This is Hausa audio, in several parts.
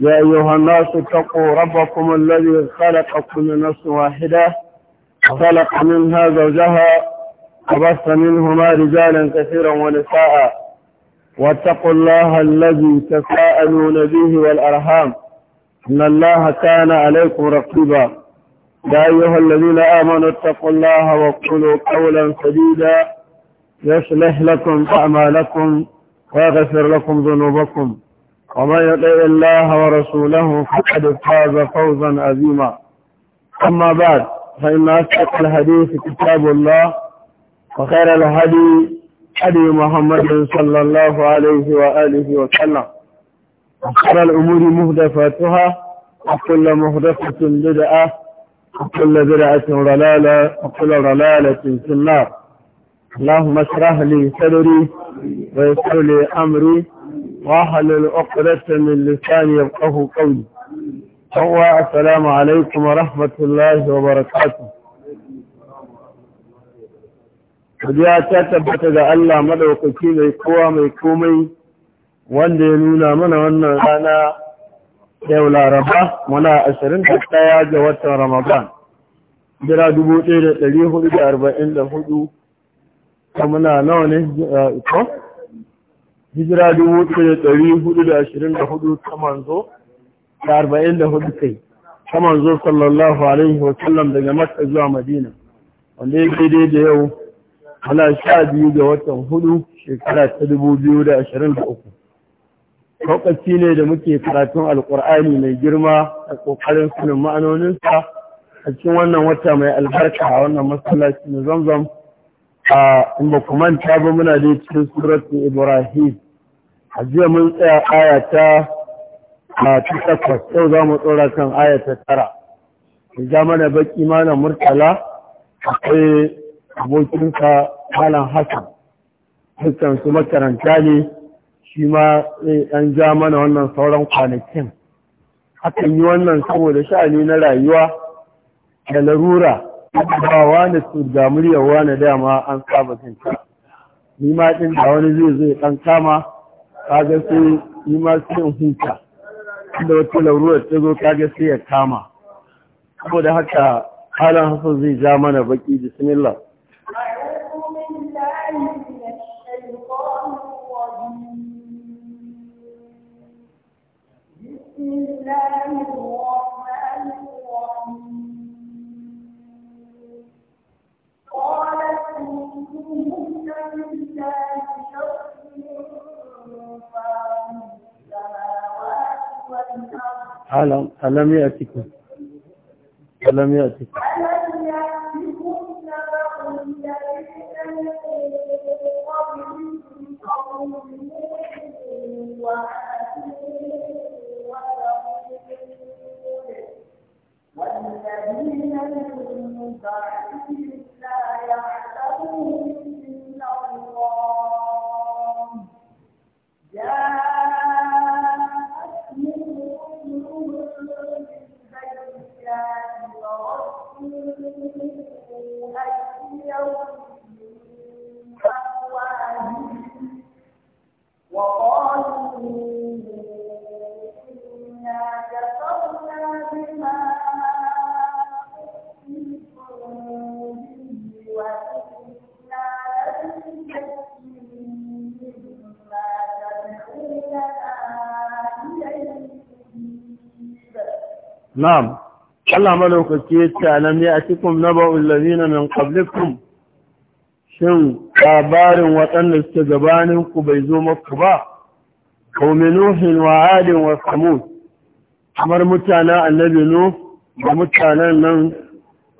يا أيها الناس اتقوا ربكم الذي خلقكم من نفس واحدة خلق منها زوجها وبث منهما رجالا كثيرا ونساء واتقوا الله الذي تساءلون به والأرحام إن الله كان عليكم رقيبا يا أيها الذين آمنوا اتقوا الله وقولوا قولا سديدا يصلح لكم أعمالكم ويغفر لكم ذنوبكم ومن يطع الله ورسوله فقد فاز فوزا عظيما أما بعد فإن أصدق الحديث كتاب الله وخير الهدي هدي محمد صلى الله عليه وآله وسلم وخير الأمور مهدفاتها وكل مهدفة بدعة وكل بدعة ضلالة وكل ضلالة في النار اللهم اشرح لي صدري ويسر لي أمري واحلل عقدة من ƙauye. يفقه قولي هو السلام عليكم ورحمة الله وبركاته Godiya ta tabbata ga Allah madaukaki mai kowa mai komai wanda ya nuna mana wannan rana yau laraba muna ashirin da ga watan Ramadan. Jira dubu ɗaya da ɗari hudu da arba'in da hudu, Kamuna nawa ne ko? hijira dubu ɗaya da ɗari hudu da ashirin da hudu ta manzo da arba'in da hudu kai ta manzo sallallahu alaihi wa sallam daga makka zuwa madina wanda ya daidai da yau ana sha biyu ga watan hudu shekara ta dubu biyu da ashirin da uku lokaci ne da muke karatun alkur'ani mai girma a ƙoƙarin sunan ma'anoninsa a cikin wannan wata mai albarka a wannan masallaci na zamzam a in ba ku manta ba muna dai cikin suratu ibrahim jiya mun tsaya ayata a takwas yau za mu tsora kan ayata tara ja mana baki mana murtala akwai abokinsa malam hassan hassan su makaranta ne shi ma zai ɗan ja mana wannan sauran kwanakin hakan yi wannan saboda sha'ani na rayuwa da larura ba wani su ga muryar wani dama an saba cinta ni ma ɗin da wani zai zai ɗan kama kaga sai yi ma sai huta da wata lauruwar ta zo kaga sai ya kama saboda haka halin hasan zai ja mana baki bismillah Thank you. alam ya cikin alam ya cikin والذين من na'am Allah malaukaki ya ce alam ya atikum naba'ul ladina min qablikum shin labarin waɗanda suke gabanin ku bai zo maku ba qaumi nuhin wa adin wa samud kamar mutanen annabi nuh da mutanen nan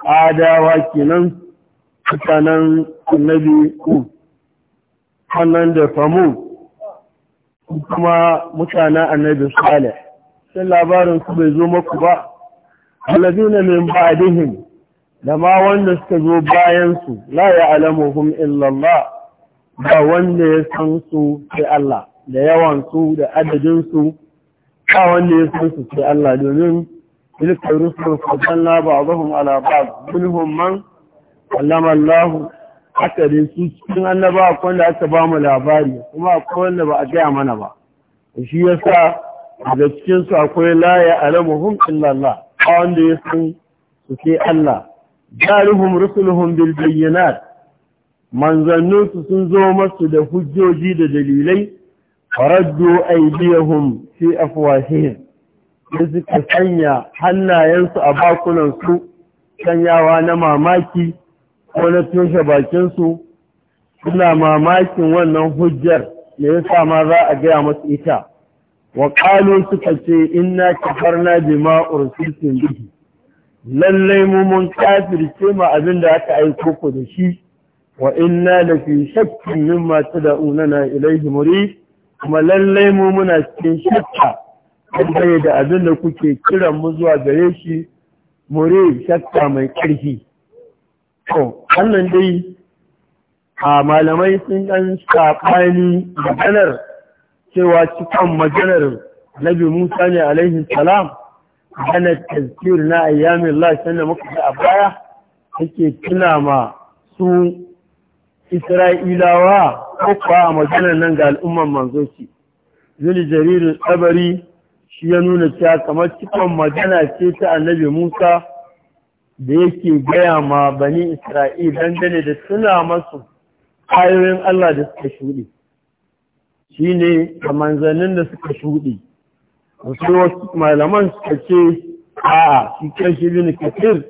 adawa kenan mutanen annabi ku wannan da samud kuma mutanen annabi salih sai labarin su bai zo maku ba alladina min ba'dihim da ma wanda suka zo bayan su la ya'lamuhum illa Allah ba wanda ya san su sai Allah da yawan su da adadin su ba wanda ya san su sai Allah domin ilka rusul fadanna ba'dhum ala ba'd kulhum man allama Allah haka su cikin annaba akwai wanda aka ba mu labari kuma akwai wanda ba a gaya mana ba shi yasa daga cikinsu akwai laya hum illallah a wanda ya san su Allah jarihum rusuluhum bil bayyinat manzanninsu sun zo masu da hujjoji da dalilai faraddu aydiyahum fi afwahihim da suka sanya hannayensu a su sanyawa na mamaki ko na toshe bakinsu suna mamakin wannan hujjar me yasa ma za a gaya masu ita wa suka ce inna kafarna bima ursiltum bihi lallai mu mun kafirce ma abin da aka aiko ku da shi wa inna da fi shakkin mimma tad'unana ilaihi murib kuma lallai mu muna cikin shakka dangane da abin da kuke kiran mu zuwa gare shi muri shakka mai ƙarfi to wannan dai a malamai sun ɗan saɓani maganar cewa cikin maganar nabi musa ne alaihi salam gana tazkir na ayyamin la sannan muka da a baya yake tuna ma su isra'ilawa ko kuwa a maganar nan ga al'umman manzo ce zuli jaririn tsabari shi ya nuna cewa kamar cikin magana ce ta annabi musa da yake gaya ma bani isra'il dangane da tuna masu ayoyin allah da suka shuɗe shine a manzannin da suka shuɗe wasu wasu malaman suka ce a'a shi kan shi bin kafir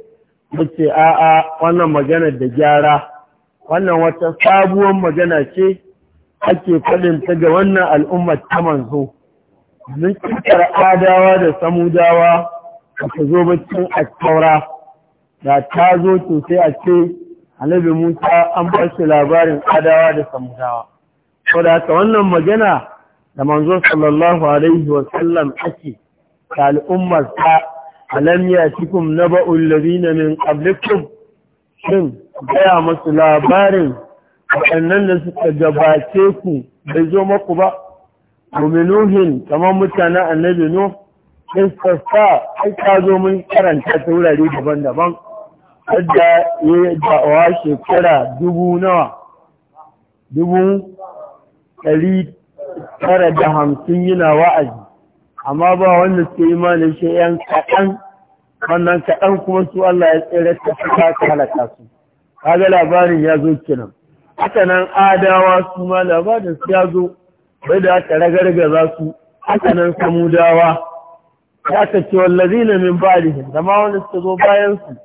da ce a'a wannan magana da gyara wannan wata sabuwar magana ce ake faɗin ta ga wannan al'ummar ta manzo mun cikar adawa da samudawa ba ta zo bacin a taura da ta zo to sai a ce annabi musa an ba shi labarin adawa da samudawa saboda wannan magana da manzo sallallahu alaihi wa sallam ake ta al'ummar ta alam na ba'ul ladina min qablikum shin gaya musu labarin waɗannan da suka gabace ku bai zo maku ba muminuhin kamar mutanen annabi no sassa ai ta zo mun karanta ta wurare daban-daban yadda ya yi da'awa shekara dubu nawa dubu ɗari tara da hamsin yana wa'azi amma ba wanda suke imanin shi yan kaɗan wannan kaɗan kuma su Allah ya tsere ta fi ta halaka su kaga labarin ya zo kenan haka nan adawa su ma labarin su ya zo bai da aka za su haka nan samudawa ya ka ce na min ba'dihim zama wanda suka zo bayan su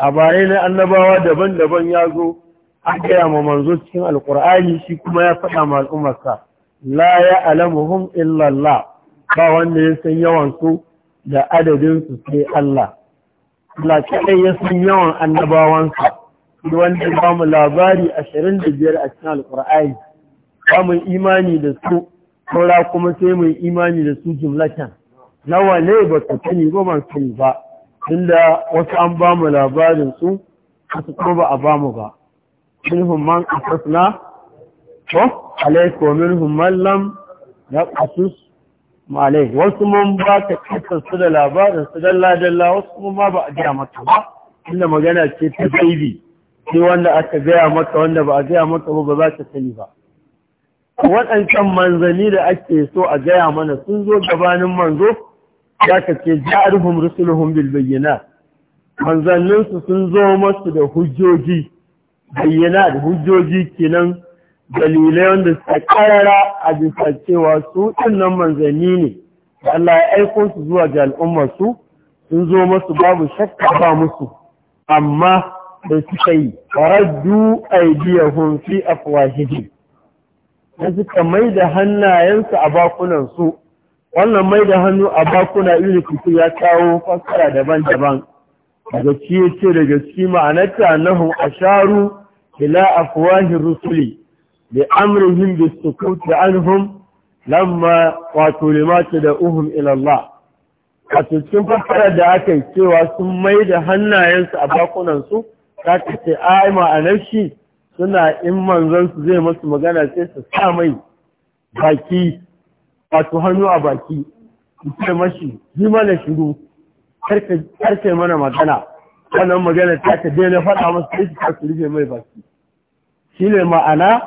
a bayan na annabawa daban-daban ya zo an ma manzo cikin alkur'ani shi kuma ya faɗa ma al'ummarsa la ya alamuhum illallah ba wanda ya san yawan su da adadin su sai Allah Allah kaɗai ya san yawan annabawansa wanda ba mu labari biyar a cikin alkur'ani ba mu imani da su saura kuma sai mu imani da su jumlatan nawa ne ba ka sani ba ban sani ba tunda wasu an ba mu labarin su kuma ba a ba mu ba minhum man qasasna ko alayka wa minhum man lam yaqasus ma alayka wasu mun ba ta kisan da labarin su dalla dalla wasu mun ba a gaya maka ba inda magana ce ta gaibi sai wanda aka gaya maka wanda ba a gaya maka ba ba za ka sani ba waɗancan manzanni da ake so a gaya mana sun zo gabanin manzo za ka ce ja'arhum rusuluhum bil bayyinat manzanninsu sun zo masu da hujjoji bayyana da hujjoji kenan dalilai wanda suka karara a bisa cewa su nan manzanni ne da Allah ya aiko su zuwa ga su, sun zo masu babu shakka ba musu amma da suka yi faraddu aidiyahum fi afwahihim da suka mai da hannayensu a su, wannan mai da hannu a bakuna iri ya kawo fassara daban-daban daga ci yace daga ciki ma'anarta annahum asharu ila afwahir rusuli bi amrihim bisukut anhum lamma wato limata da uhum ila Allah a cikin fassara da aka yi cewa sun mai da hannayensu a bakunan ta ka ce ai ma'anar shi suna in su zai masu magana sai su sa mai baki wato hannu a baki su ce mashi zima mana shiru karfe mana magana wannan magana ta ta daina faɗa masu sai ta su rufe mai baki shi ne ma'ana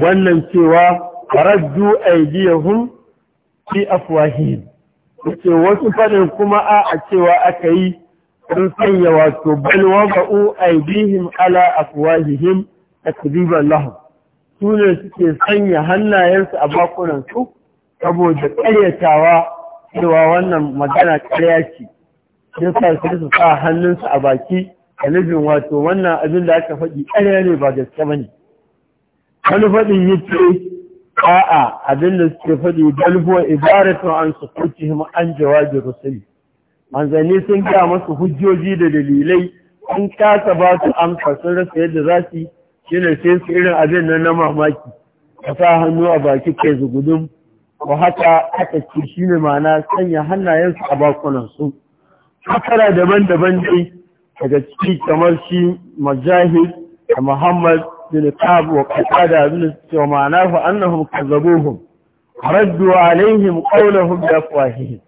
wannan cewa faraddu aidiyahum fi afwahihim ce wasu faɗin kuma a a cewa aka yi sun sanya wato bal bau aidihim ala afwahihim takdiban lahum su ne suke sanya hannayensu a su, saboda ƙaryatawa cewa wannan magana ƙarya ce ya sa sa hannunsu a baki a nufin wato wannan abin da aka faɗi ƙarya ne ba gaske ba ne wani faɗin yake a'a abin da suke faɗi dalbuwa ibaratun an su kuci an jawabi rusuli manzanni sun gaya masu hujjoji da dalilai an kasa ba su amsa sun rasa yadda za su yi ne sai su irin abin nan na mamaki ka sa hannu a baki kai zugudun ko haka aka ci shi ne ma'ana sanya hannayensu a su fakara daban-daban dai daga ciki kamar shi majahid da muhammad bin kab wa qatada bin cewa fa annahum kazzabuhum raddu alaihim qawluhum bi afwahihim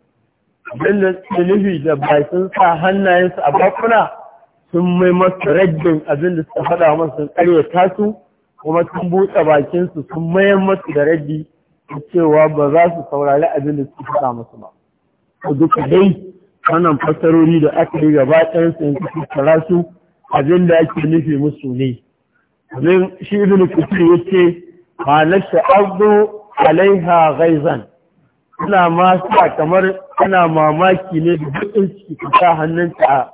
dalla tilifi da bakin sa hannayensu a bakuna sun mai masa raddin abin da suka faɗa masu sun ƙaryata su kuma sun buɗe bakinsu sun mayar masu da raddi cewa ba za su saurari abin da suka faɗa masu ba. Duka dai wannan fasarori da aka yi gaba ɗayan sun kasu su abin da ake nufi musu ne domin shi ibn kusur ya ce ma na sha'adu alaiha gaizan ina ma sa kamar ana mamaki ne da bakin ciki ka sa hannunta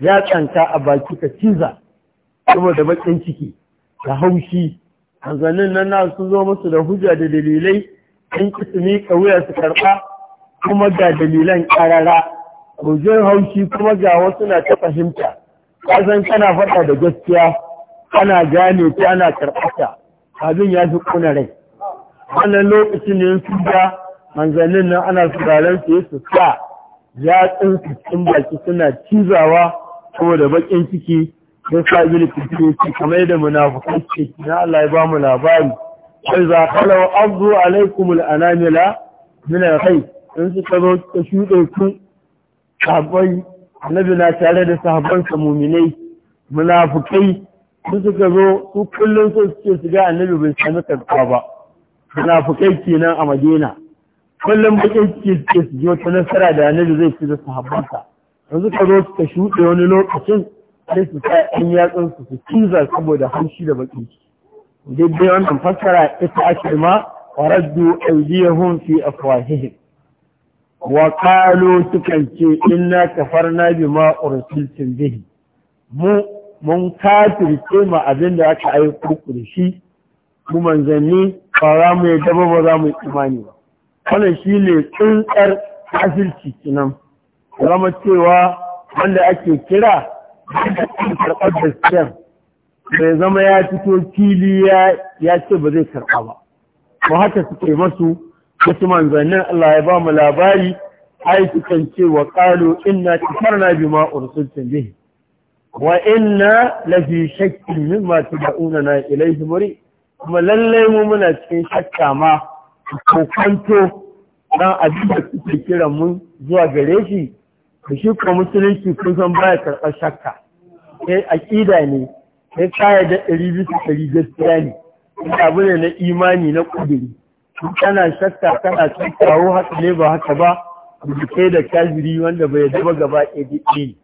ya tsanka a baki ka ciza kuma da bakin ciki da haushi hanzanin nan na su zo musu da hujja da dalilai an su ka wuya su karɓa kuma ga dalilan ƙarara kujin haushi kuma ga wasu na ta fahimta kasan kana faɗa da gaskiya ana gane ta ana karɓata abin ya fi kuna rai wannan lokacin ne sun ga manzannin nan ana turaren su su sa yatsun su cikin baki suna cizawa da bakin ciki don sa ibn kamar da munafukai ke na Allah ya ba mu labari sai za abdu alaikum anamila min kai, in suka zo ta shuɗe ku sahabbai annabi na tare da sahabbansa muminai munafukai su suka zo su kullum so suke su ga annabi bai sami karɓa ba munafukai kenan a madina kullum bakin suke suke su ji wata nasara da annabi zai fi da sahabbansa da suka zo suka shuɗe wani lokacin sai su sa ɗan yatsun su su ciza saboda haushi da baki daidai wannan fassara ita ake ma waraddu aydiyahum fi afwahihim wa sukan ce inna kafarna bima ursiltum bihi mu mun kafirce ma abin da aka aiko ku da shi mu manzanni ba za mu yi daba ba za mu imani ba wannan shi ne tsuntsar kafirci kinan zama cewa wanda ake kira da karɓar gaskiyar bai zama ya fito fili ya ce ba zai karɓa ba Mu haka suke masu wasu manzannin Allah ya ba mu labari ai sukan ce wa cikar inna bi na sun canje wa lafi la fi shakkin mimma muri kuma lallai mu muna cikin shakka ma ko kwanto don abin da suke kiran mu zuwa gare shi da shi ko musulunci kun san baya karɓar shakka sai ƙida ne sai kaya da ɗari bisa ɗari gaskiya ne abu ne na imani na ƙudiri kana shakka kana kawo haka ne ba haka ba rubuce da kajiri wanda bai daba gaba ɗaya ne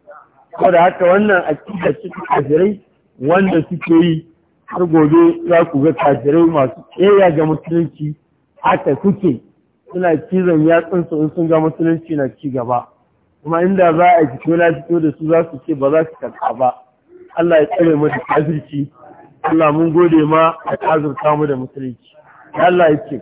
ko da haka wannan akida cikin kajirai wanda suke yi har gobe za ku ga kajirai masu ƙeya ga musulunci haka suke suna cizon yatsunsu in sun ga musulunci na ci gaba kuma inda za a fito na fito da su za su ce ba za su karɓa ba Allah ya tsare mu da kafirci Allah mun gode ma a azurta mu da musulunci Allah ya ce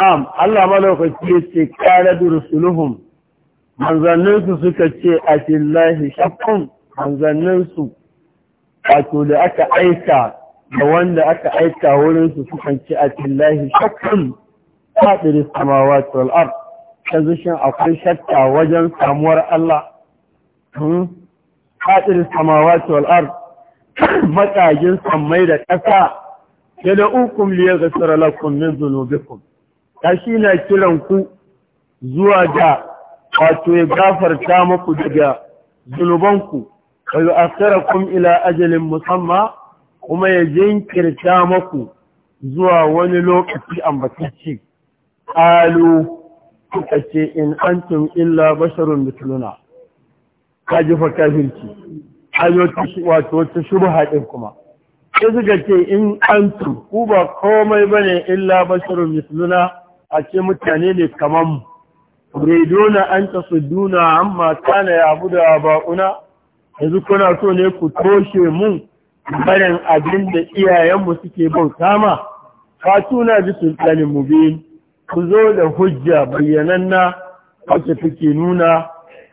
na'am Allah malaukaki ya ce kare da rusuluhum manzanninsu suka ce a fillahi shakkun manzanninsu wato da aka aika da wanda aka aika wurinsu suka ce a fillahi shakkun fadiris samawa tsolar yanzu shin akwai shakka wajen samuwar Allah fadiris hmm? samawa tsolar matsajin samai da ƙasa ya da ukun liya ga tsiralakun min zunubikum kashi na kiran ku zuwa da wato ya gafarta muku daga zunubanku asara kun ila ajalin musamman kuma ya jinkirta muku zuwa wani lokaci ambatacce qalu suka ce in an tun illa basharun mithluna kaji fa ta ayoyi wato ta shubha haɗin kuma sai suka ce in an tun ku ba komai bane illa basharun mithluna a ce mutane ne kamar mu redona an an mata na ya da ba'una yanzu kuna so ne ku toshe mun barin abin da iyayenmu suke bauta ma fatuna ji sultanin mubin ku zo da hujja bayyananna wacce take nuna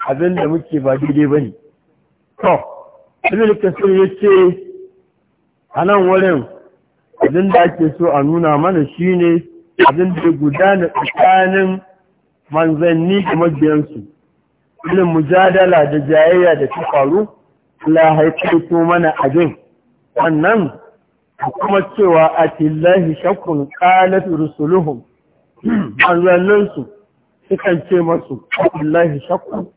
abin da muke ba daidai ba ne to ibn kasir ya ce a nan wurin abin da ake so a nuna mana shine abin da gudana tsakanin manzanni da mabiyansu ilin mujadala da jayayya da ta faru la haifar mana abin wannan kuma cewa a tilahi shakun qalat rusuluhun manzanninsu sukan ce masu tillahi shakkun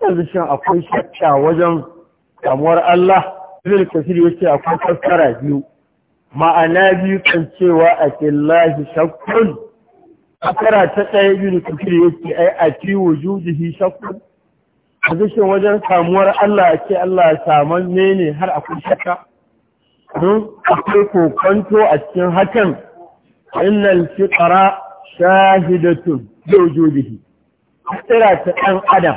yanzu shan akwai shakka wajen kamuwar Allah zai kafir ya ce akwai kaskara biyu ma'ana biyu kan cewa a killahi shakkun kara ta ɗaya biyu da kafir yake ai a fi wujudihi shakkun a zishin wajen samuwar Allah a ce Allah ya saman ne ne har akwai shakka don akwai kokonto a cikin hakan innal fiqra shahidatun bi A tsira ta ɗan adam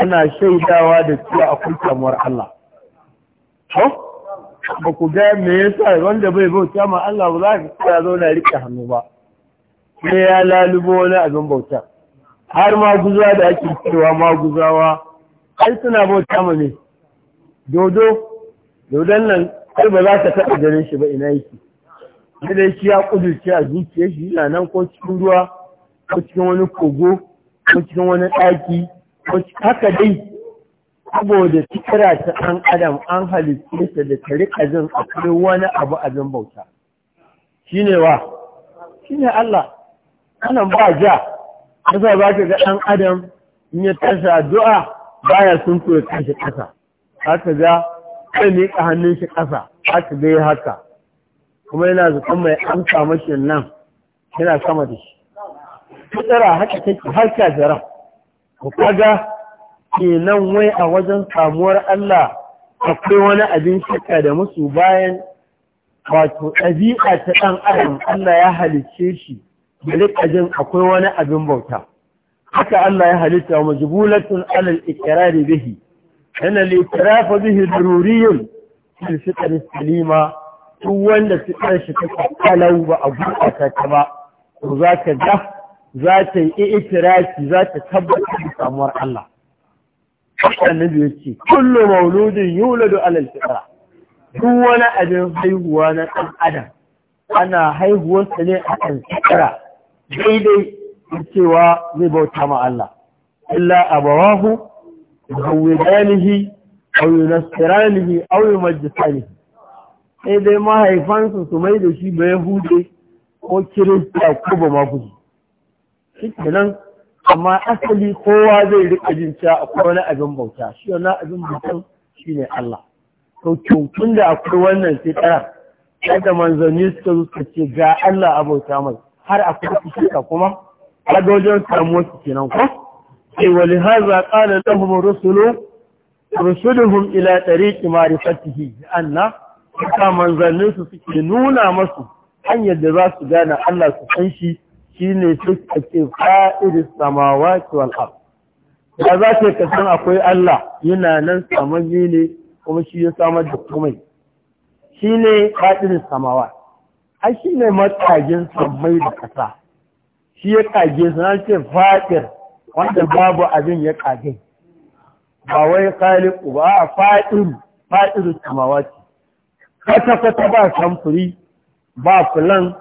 ana shaidawa da cewa akwai samuwar Allah ba ku ga me yasa wanda bai bauta ma Allah ba za ka kira zauna rike hannu ba me ya lalubo wani abin bauta har ma guza da ake cewa ma guzawa ai suna bauta ma ne dodo dodon nan kai ba za ka taɓa ganin shi ba ina yake dai shi ya kudurce a zuciya shi yana nan ko cikin ruwa ko cikin wani kogo ko cikin wani ɗaki ko haka dai saboda fikira ta ɗan adam an halitta da ta riƙa jin akwai wani abu abin bauta shi ne wa shi ne Allah anan ba ja kasa ba ka ga ɗan adam in ya tashi addu'a baya sun ya kashe ƙasa haka ga kai ka hannun shi ƙasa haka ga haka kuma yana zukan mai amsa mashi nan yana sama da shi fitsara haka take har zara ku kaga kenan wai a wajen samuwar Allah akwai wani abin shakka da musu bayan wato ɗabi'a ta ɗan adam Allah ya halicce shi da akwai wani abin bauta haka Allah ya halitta wa majibulatun alal ikirari bihi yana likirafa bihi dururiyun fil fitr salima duk wanda fitar shi ta kalau ba a gurɓata ta ba ko za ta ga za ta yi za ta tabbatar da samuwar Allah annabi ya ce kullu mauludin yuladu alal fitra duk wani abin haihuwa na ɗan adam ana haihuwarsa ne a kan fitra daidai cewa zai bauta ma Allah illa abawahu yawwidanihi aw yunasiranihi aw yumajjisanihi sai dai mahaifansa su mai da shi ba yahude ko kirista ko ba mafuzi shi kenan amma asali kowa zai rika jin cewa akwai wani abin bauta shi wani abin bauta, shi ne Allah to kyautun da akwai wannan sai tsara yadda manzanni suka zo suka ce ga Allah a bauta mai har akwai su shirka kuma kaga wajen samuwa su nan ko sai wali haza qala lahum rusulu rusuluhum ila tariqi an anna suka manzanni su suke nuna masu hanyar da za su gane Allah su san shi ne tukake fa'ir samawati samawa ard da za ka ka san akwai Allah yana nan samaji ne kuma shi ya samar da komai shine samawa. A shi ne matsagin samai da ƙasa. shi ya ƙage su an ce fa'ir wanda babu abin ya kage ba wai ba a fa'ir samawa ce. Kata-kata ba samfuri ba fulan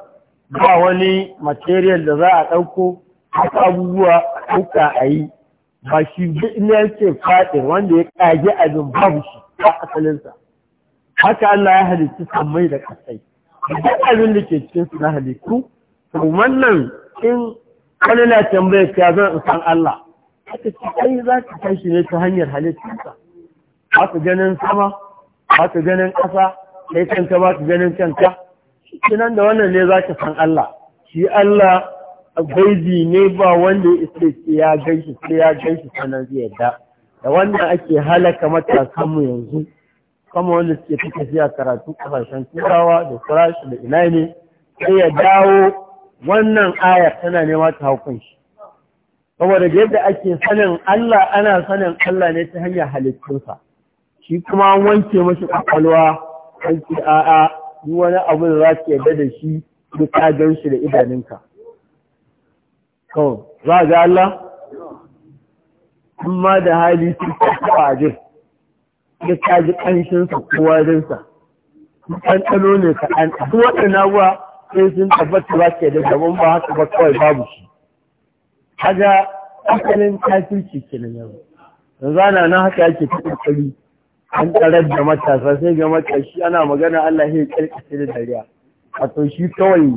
ba wani material da za a ɗauko haka abubuwa ɗauka a yi ba shi ne yake faɗi wanda ya ƙage abin babu shi ba asalinsa haka Allah ya halittu sammai da ƙasai duk abin da ke cikin su na halittu to wannan in wani na tambayar ka zan in san Allah haka ce kai za ka shi ne ta hanyar halittarsa ba ka ganin sama ba ka ganin ƙasa kai kanka ba ka ganin kanka kinan da wannan ne za ka san Allah shi Allah gaibi ne ba wanda ya isa ya shi sai ya shi sanan zai yadda da wannan ake halaka matasanmu yanzu kama wanda suke fita tafiya karatu kasashen turawa da farashi da ina ne sai ya dawo wannan aya tana nema ta haukun shi saboda da yadda ake sanin Allah ana sanin Allah ne ta hanyar halittunsa shi kuma wanke mashi kwakwalwa wanke a'a duk wani abu da za su yarda da shi duk ka gan shi da idanunka Kau, za ga Allah amma da hali sun taɓa ajin duk ka ji ƙanshinsa ko warinsa ɗanɗano ne kaɗan duk waɗannan abuwa sai sun tabbata za su yarda ban ba haka ba kawai babu shi kaga asalin kafirci kenan yau yanzu na nan haka yake ta ƙoƙari an tsarar da matasa sai ga shi ana magana Allah ya karkace da dariya to shi kawai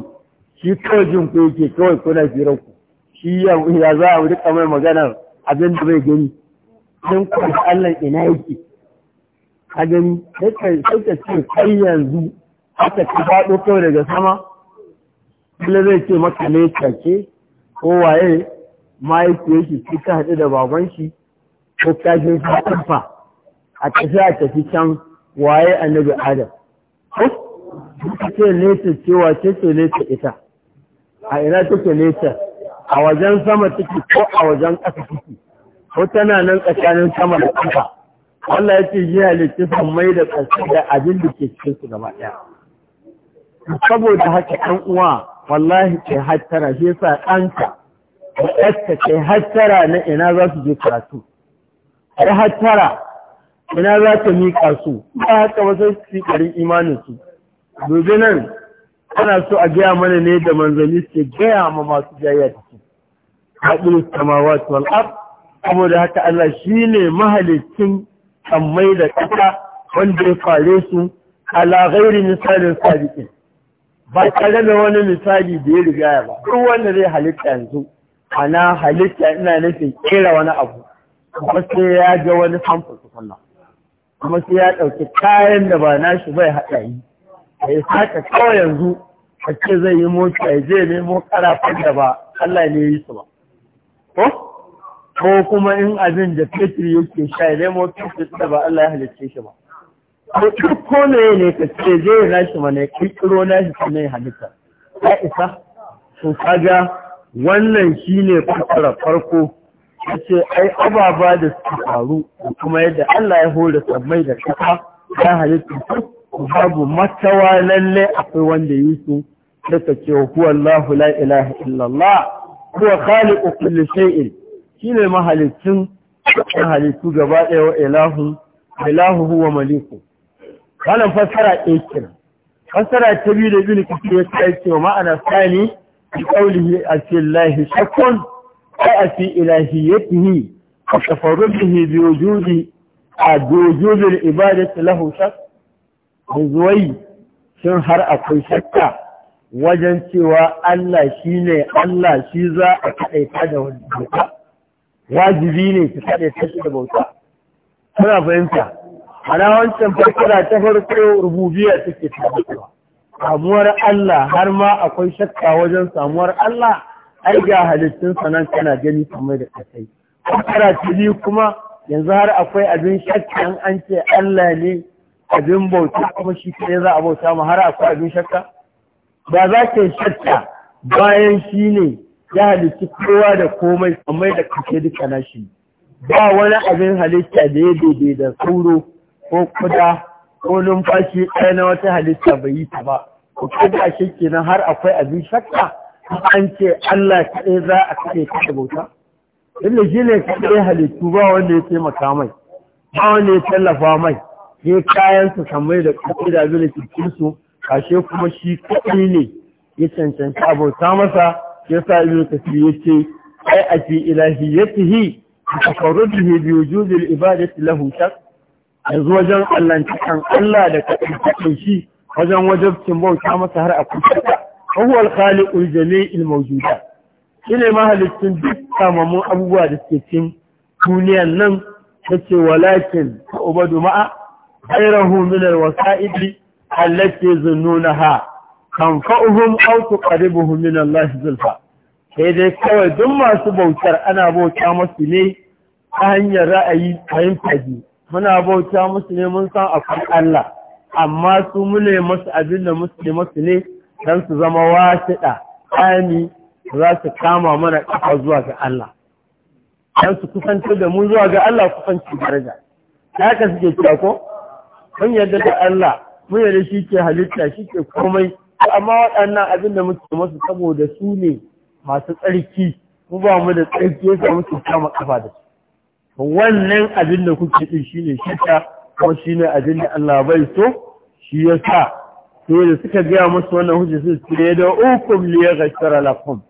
shi kawai jin ku yake kawai kuna firar ku shi ya za a rika mai magana abin da bai gani sun kuma Allah ina yake a gani sai ka ce kai yanzu haka ka faɗo kawai daga sama kila zai ce maka ne ce ko waye mahaifiyar shi ka haɗu da baban shi ko kajin a tafi a tafi can waye annabi adam duka ce nesa cewa ce ce nesa ita a ina take nesa a wajen sama take ko a wajen ƙasa take ko tana nan tsakanin sama da ƙasa Allah ya ce yi halittu sun mai da ƙasa da abin da ke cikin su gaba ɗaya saboda haka ɗan uwa wallahi ke hattara shi yasa ɗanka da ɗanka ke hattara na ina za su je karatu ai hattara ina za ta miƙa su ba haka wasu su ƙarin imaninsu dobe nan ana so a gaya mana ne da manzanni suke gaya ma masu jayya da su haɗin samawa tuwal kuma da haka Allah shi ne mahalicin tsammai da ƙasa wanda ya fare su a lagairi misalin sabiƙin ba tare da wani misali da ya rigaya ba duk wanda zai halitta yanzu ana halitta ina nufin kera wani abu kuma sai ya ga wani samfur su kuma sai ya ɗauki kayan da ba nashi bai haɗa yi a yi saka kawai yanzu a ce zai yi mota ya zai nemo karafin da ba Allah ne yi su ba ko ko kuma in abin da fetur yake sha ya nemo fetur da ba Allah ya halicce shi ba ko duk ko ne ne ka ce zai nashi mana ne kirkiro nashi su ne halitta ya isa su kaga wannan shine kwakwara farko ya ce ai ababa da suka faru da kuma yadda Allah ya hore sabbai da kasa ta halittu su babu matawa lalle akwai wanda yi su daga ce kuwa Allah la ilaha illallah huwa khaliqu kulli shay'in shine mahalicin halittu gaba ɗaya wa ilahu ilahu huwa maliku wannan fasara ɗaya kira fasara ta biyu da biyu ne kake ya ce ma'ana sani bi qawlihi shakkun ai fi ilahiyatihi wa tafarrudihi bi wujudi a dojojin ibadatu lahu shak zuwai shin har akwai shakka wajen cewa Allah shi ne Allah shi za a kaɗaita da bauta wajibi ne su kaɗaita shi da bauta suna fahimta ana wancan farkara ta farko rububiya take tabbatarwa samuwar Allah har ma akwai shakka wajen samuwar Allah ai ga halittun sanan kana gani kamar da kasai kuma yanzu har akwai abin shakka an ce Allah ne abin bauta kuma shi ke za a bauta mu har akwai abin shakka ba za ka shakka bayan shi ne ya halitta kowa da komai kamar da kake duka na shi ba wani abin halitta da ya daidai da sauro ko kuda ko numfashi ɗaya na wata halitta bai yi ta ba ko kada shi kenan har akwai abin shakka an ce Allah kaɗai za a kaɗe da bauta inda shi ne kaɗe halittu ba wanda ya taimaka mai ba wanda ya tallafa mai ne kayan su da kaɗe da abin da kashe kuma shi kaɗai ne ya cancanta a bauta masa ya sa ta fi ya ce ai a fi ilahiyatihi tafarrudihi bi wujudil ibadati lahu shak yanzu wajen Allah Allah da kaɗai shi wajen wajen wajabcin bauta masa har a kusurta huwal khaliqul jami'il mawjudat shine mahalittun duk kamamun abubuwa da suke cin duniyan nan ce walakin ubadu ma'a ghayruhu min alwasa'id allati zunnunaha tanfa'uhum aw tuqarribuhum min Allah zulfa sai dai kawai duk masu bautar ana bauta masu ne ta hanyar ra'ayi fahimta ji muna bauta musu ne mun san akwai Allah amma su mune masu abin da musu ne don su zama wasiɗa kayani za su kama mana kafa zuwa ga Allah don su kusance da mu zuwa ga Allah kusance daraja ta ka suke cewa ko mun yarda da Allah mun yarda shi ke halitta shi ke komai amma waɗannan abin da muke masu saboda su ne masu tsarki mu ba mu da tsarki yasa muke kama kafa da su wannan abin da kuke ɗin shi ne shi ta kuma shi abin da Allah bai so shi ya sai da suka gaya musu wannan hujji su ce da ukum li yaghfira lakum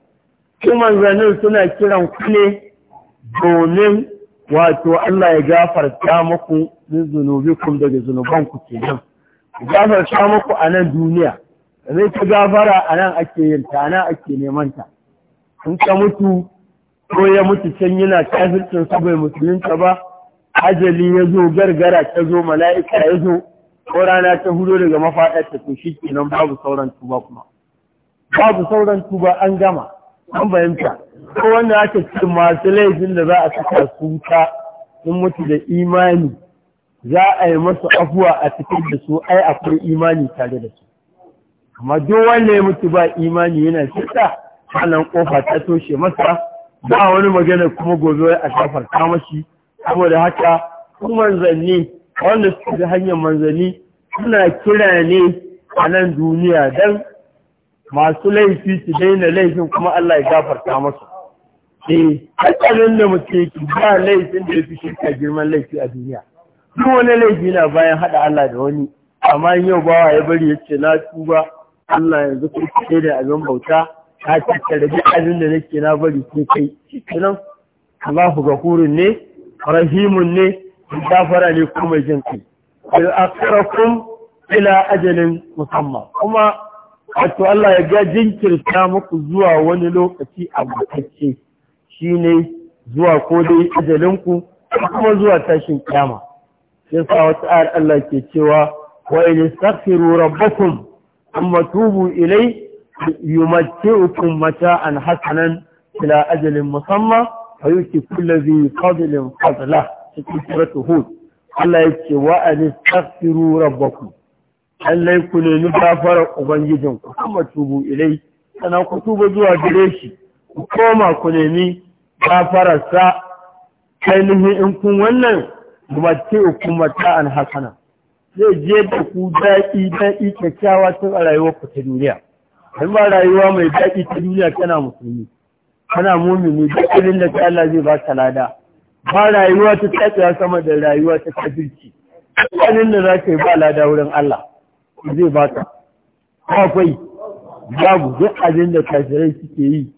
kuma zanin suna kiran kule ne domin wato Allah ya gafarta muku min zunubikum daga ke nan gafarta muku a nan duniya zai ta gafara a nan ake yin ta nan ake neman ta in ka mutu ko ya mutu can yana kafircin sa bai musulunta ba ajali ya zo gargara ta zo mala'ika ya zo ko rana ta hudo daga ta to ke nan babu sauran tuba kuma babu sauran tuba an gama an bayanta ko wanda aka ce masu laifin da za a saka su ta sun mutu da imani za a yi masu afuwa a cikin da su ai akwai imani tare da su amma duk wanda ya mutu ba imani yana shirka wannan kofa ta toshe masa ba wani magana kuma gobe a shafar kamashi saboda haka kuma zanni wanda su ga hanyar manzani suna kira ne a nan duniya don masu laifi su daina laifin kuma Allah ya gafarta masu eh hatsarin da muke ki ba laifin da ya fi shirka girman laifi a duniya duk wani laifi na bayan haɗa Allah da wani amma yau bawa ya bari ya ce na tuba Allah yanzu ku kai da abin bauta ka tattara duk abin da nake na bari kai shi kenan Allahu ne rahimun ne gafara ne kuma jin kai bil akrakum ila ajalin musamman kuma wato Allah ya ga jinkirta muku zuwa wani lokaci a mutacce shine zuwa ko dai ajalin ku kuma zuwa tashin kiyama sai sa wata ayar Allah ke cewa wa in istaghfiru rabbakum amma tubu ilai yumatti'ukum mata'an hasanan ila ajalin musamman fa yuti kulli fadlin fadlah cikin suratu hud Allah ya ce wa anistaghfiru rabbakum Allah ku nemi ubangijin, ku kuma tubu ilai sana ku tuba zuwa gare shi ku koma ku nemi gafararsa ainihin in kun wannan mace ku mata an hasana zai je da ku daɗi daɗi kyakkyawa tun a rayuwar ku ta duniya in ba rayuwa mai daɗi ta duniya kana musulmi kana mumini duk irin da Allah zai ba ka lada ba rayuwa ta tsaya sama da rayuwa ta kafirci kanin da za ka yi ba lada wurin Allah zai ba ka akwai babu duk abin da kafirai suke yi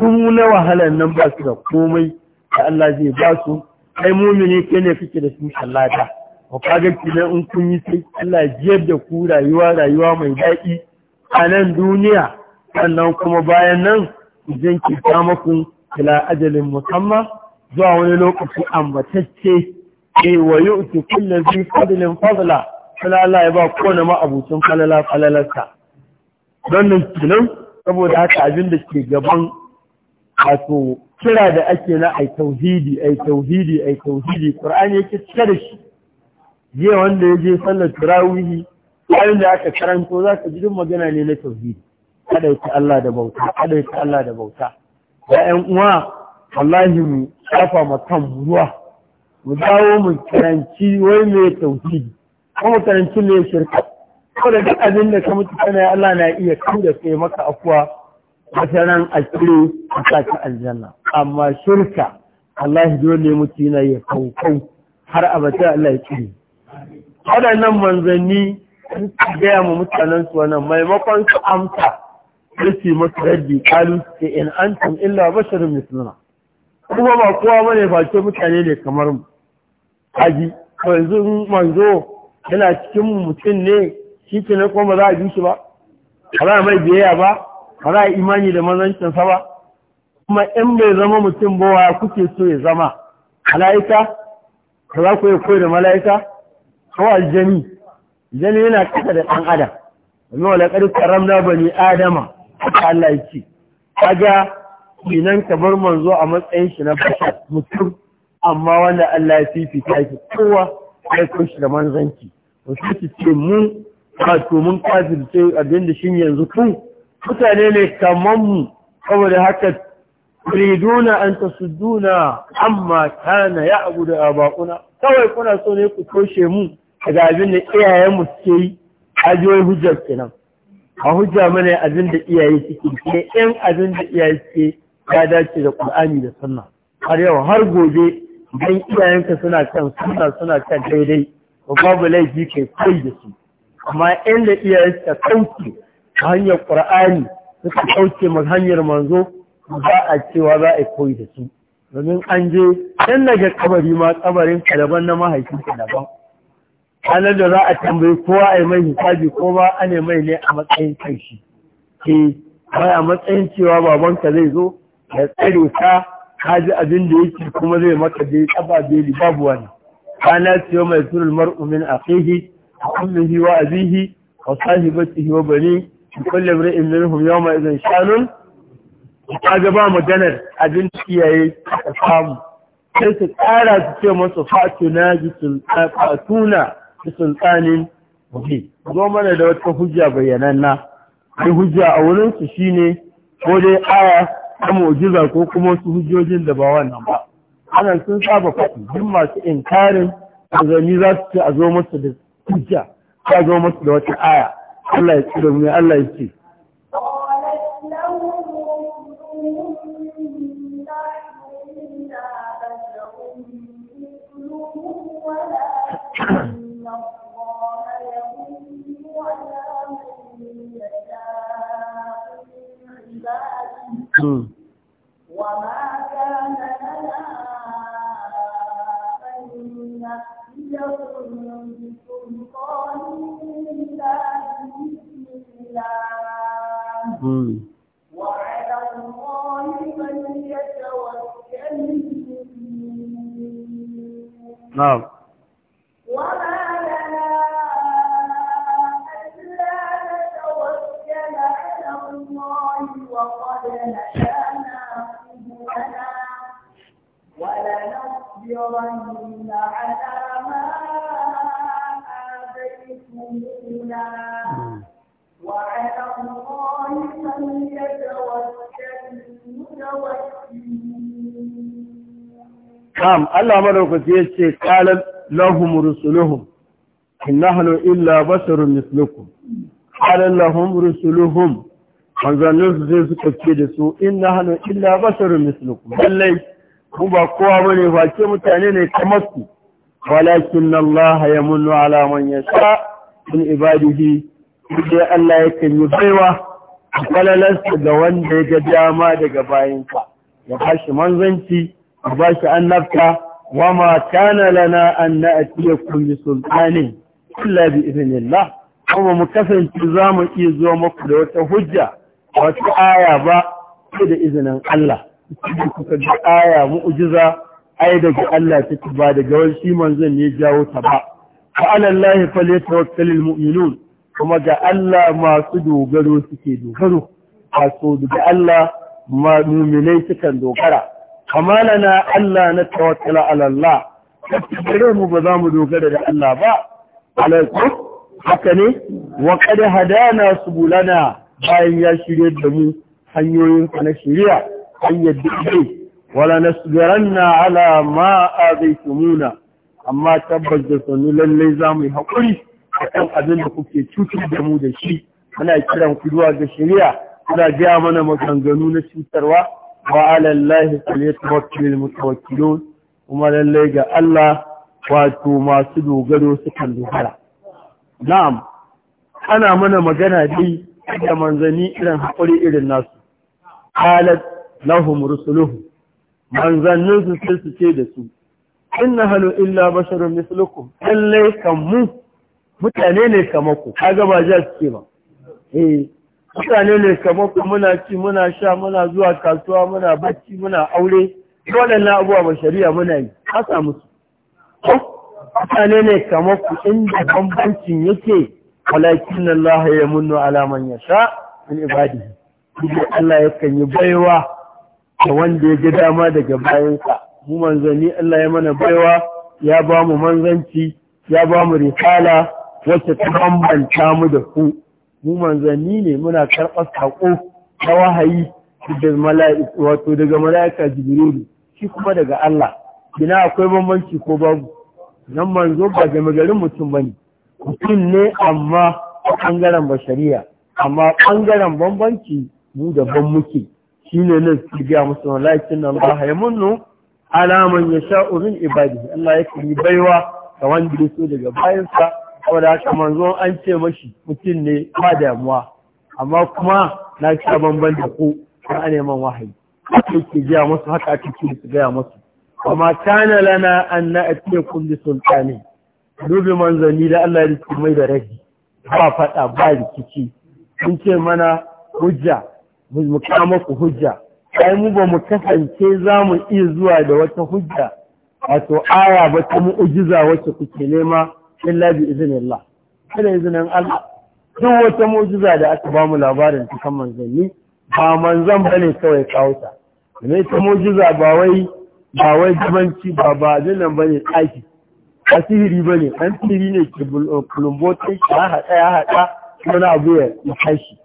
Tun na wahalar nan ba su da komai da Allah zai ba su kai mumini ke ne kake da su kallata? Ba kaga kina in kun yi sai Allah jiyar da ku rayuwa rayuwa mai daɗi a nan duniya sannan kuma bayan nan zan ki ta muku ila ajalin musamman zuwa wani lokaci ambatacce eh wa yi kullu kulle zai fadilin fadila falala ya ba kowane ma'abucin falala falalarsa don nan kinan saboda haka abin da ke gaban wato kira da ake na ai tauhidi hidi, tauhidi ai yake cika da shi jiya wanda ya je sallar turawihi ayoyin da aka karanto za ka ji duk magana ne na tauhidi kada ya Allah da bauta kada ya Allah da bauta ya ƴan uwa wallahi mu shafa ma kan ruwa mu dawo mu karanci wai mai tauhidi kuma karanci mai shirka da duk abin da ka mutu kana Allah na iya kan da sai maka afuwa wata a kire a saki aljanna amma shirka Allah dole mutu yana ya kaukau har abata Allah ya kire waɗannan manzanni sun gaya ma mutanen su wannan maimakon su amsa sai su yi masu raddi kalu sai in antum illa basharun misluna kuma ba kowa bane face mutane ne kamar mu haji yanzu manzo yana cikin mutum ne shi ke na kuma za a ji shi ba ba za a mai biyayya ba ba za a imani da manzancinsa ba kuma in bai zama mutum ba wa kuke so ya zama mala'ika Ka za ku yi koyi da mala'ika ko aljani aljani yana kasa da ɗan adam domin wala ƙarfi karam na bani adama haka Allah ya ce kaga kinan kamar manzo a matsayin shi na bashar mutum amma wanda Allah ya fifita shi kowa ya kai shi da manzanci wasu ki ce mun wato mun kafirce abin da shin yanzu kun mutane ne kaman mu saboda haka turiduna an tasudduna amma kana ya abu da abakuna kawai kuna so ne ku toshe mu daga abin da iyayenmu suke yi ajiyoyi hujjar kenan a hujja mana abin da iyaye suke ne in abin da iyaye suke ya dace da ƙul'ani da sunna har yau har gobe don iyayenka suna kan sunna suna kan daidai ba babu laifi kai kai da su amma inda iyayen ka kauce ta hanyar ƙur'ani suka kauce mai hanyar manzo za a cewa za a koyi da su domin an je 'Yan daga kabari ma kabarin ka daban na mahaifinka daban ranar da za a tambayi kowa a yi mai hisabi ko ba a ne mai ne a matsayin kai shi ke eh, bai a matsayin cewa babanka zai zo ya tsare ka haji abin da yake kuma zai maka da dai kaba beli babu wani kana ce mai marumin sunul a min akhihi wa ummihi wa abihi wa sahibatihi wa bani kullu imrin minhum yawma idhan shanun ta ba maganar abin kiyaye ka samu sai su tsara su ce masa fatuna ji sultana bi sultanin zo mana da wata hujja bayyananna ai hujja a wurinsu shine ko dai aya ta mu'jiza ko kuma wasu hujjojin da ba wannan ba anan sun saba faɗi duk masu inkarin azami za su ce a zo musu da hujja ta zo musu da wata aya Allah ya tsira mu Allah ya ce kan hmm. hmm. Nah. الله نعم الله قال لهم رسلهم إن نحن إلا بشر مثلكم قال لهم رسلهم manzannin su sai suka ce da su in na hannun mu ba kowa ba ne wace mutane ne kamar su walakin Allah ya munnu alaman ya sa sun ibadihi sai Allah ya kan yi baiwa a kwalalarsa ga wanda ya ga dama daga bayanka ya bashi manzanci shi an annabta wa ma kana lana an tiye bi sultani? Allah bi idhnillah kuma mu kasance za mu iya zuwa muku da wata hujja wata aya ba sai da izinin Allah da kuka ga aya mu'jiza ai daga Allah ta ba daga wani shi zan ne jawo ta ba fa alallahi Allah falyatawakkalul mu'minun kuma ga Allah masu dogaro suke dogaro A so daga Allah ma mu'minai sukan dogara kamalana Allah na tawakkala ala Allah kare mu ba za mu dogara da Allah ba alaikum haka ne wa qad hadana subulana bayan ya shirye da mu hanyoyin na shiriya an yadda na wala nasbiranna ala ma azaitumuna amma tabbas da sanu lallai za mu yi haƙuri a kan abin da kuke cutar da mu da shi muna kiran kuduwa ga shari'a kuna gaya mana maganganu na cutarwa wa alallahi falyatawakkal mutawakkilun kuma lallai ga Allah wato masu dogaro sukan dogara na'am ana mana magana dai da manzanni irin haƙuri irin nasu halat lahum rusuluhu manzannin su sai su ce da su inna halu illa basharun mislukum lallai kan mutane ne kamar ku kaga ba ja suke ba eh mutane ne kamar ku muna ci muna sha muna zuwa kasuwa muna bacci muna aure waɗannan abubuwa ba shari'a muna yi haka musu? su mutane ne kamar ku inda bambancin yake walakin Allah ya munnu alaman yasha min ibadihi Allah yakan yi baiwa da wanda ya ga dama daga bayansa mu manzanni Allah ya mana baiwa ya ba mu manzanci ya ba mu risala wacce ta bambanta mu da ku mu manzanni ne muna karɓar saƙo ta wahayi da mala'ika wato daga mala'ika jibrilu shi kuma daga Allah ina akwai bambanci ko babu nan manzo ba ga magarin mutum bane mutum ne amma ɓangaren bashariya amma ɓangaren bambanci mu daban muke shi ne nan su gaya musu walakin nan ba ya munnu alaman ya sha'u min ibadi Allah ya yi baiwa ga wanda ya so daga bayansa saboda haka manzo an ce mashi mutum ne ba damuwa amma kuma na sha bamban da ku a neman wahayi ake ke gaya musu haka ake ke su gaya musu amma kana lana an na ake bi sultani dubi manzanni da Allah ya mai da rabi ba faɗa ba rikici sun ce mana hujja mu kama ku hujja ai mu ba mu kasance za mu iya zuwa da wata hujja wato aya ba ta mu'ujiza wacce kuke nema illa bi iznillah kada izinin Allah duk wata mu'ujiza da aka ba mu labarin ta kan manzanni ba manzan bane kawai kawo ta ne ta mu'ujiza ba wai ba wai dabanci ba ba dinan bane tsaki asiri bane an sihiri ne ke kulumbotin ya haɗa ya haɗa wani abu ya tashi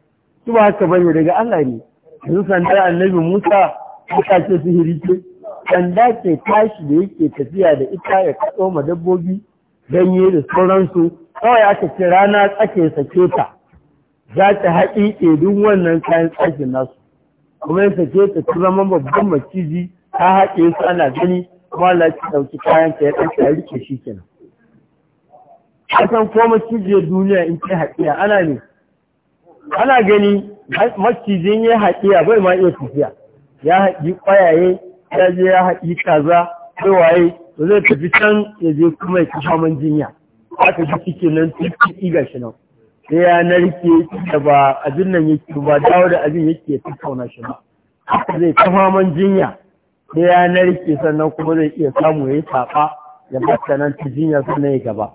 su ba haka bane daga Allah ne yanzu sandar annabi Musa ta ce sihiri ce sanda ce tashi da yake tafiya da ita ya kaɗo ma dabbobi ganye da sauransu kawai aka ce rana tsake sake ta za ta ke duk wannan kayan tsakin nasu kuma ya sake ta ta zama babban maciji ta haƙe su ana gani kuma Allah ta ɗauki kayan ta ya ɗauki a rike shi kenan. Kasan ko macijiyar duniya in ce haƙiya ana ne ana gani macijin ya a, bai ma iya tafiya ya haƙi ƙwayaye ya je ya haƙi kaza sai waye ba zai tafi can ya je kuma ya kafa man jinya aka ji cikin nan tafi ga shi nan sai ya narke da ba abin nan yake ba dawo da abin yake ya tattauna shi ba zai kafa man jinya sai ya narke sannan kuma zai iya samu ya yi saɓa ya bata nan ta jinya sannan ya gaba.